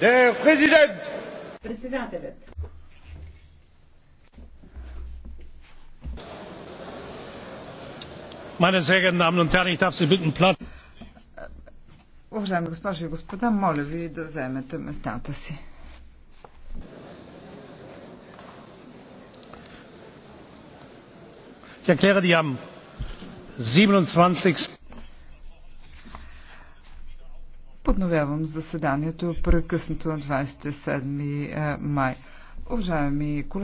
Der Präsident! Председателят. Meine sehr geehrten Damen und Herren, ich darf Sie bitten, Platz. Уважаеми госпожи и господа, моля ви да вземете местата си. Ich erkläre die am 27. Подновявам заседанието прекъснато на 27 е, май. Уважаеми колеги,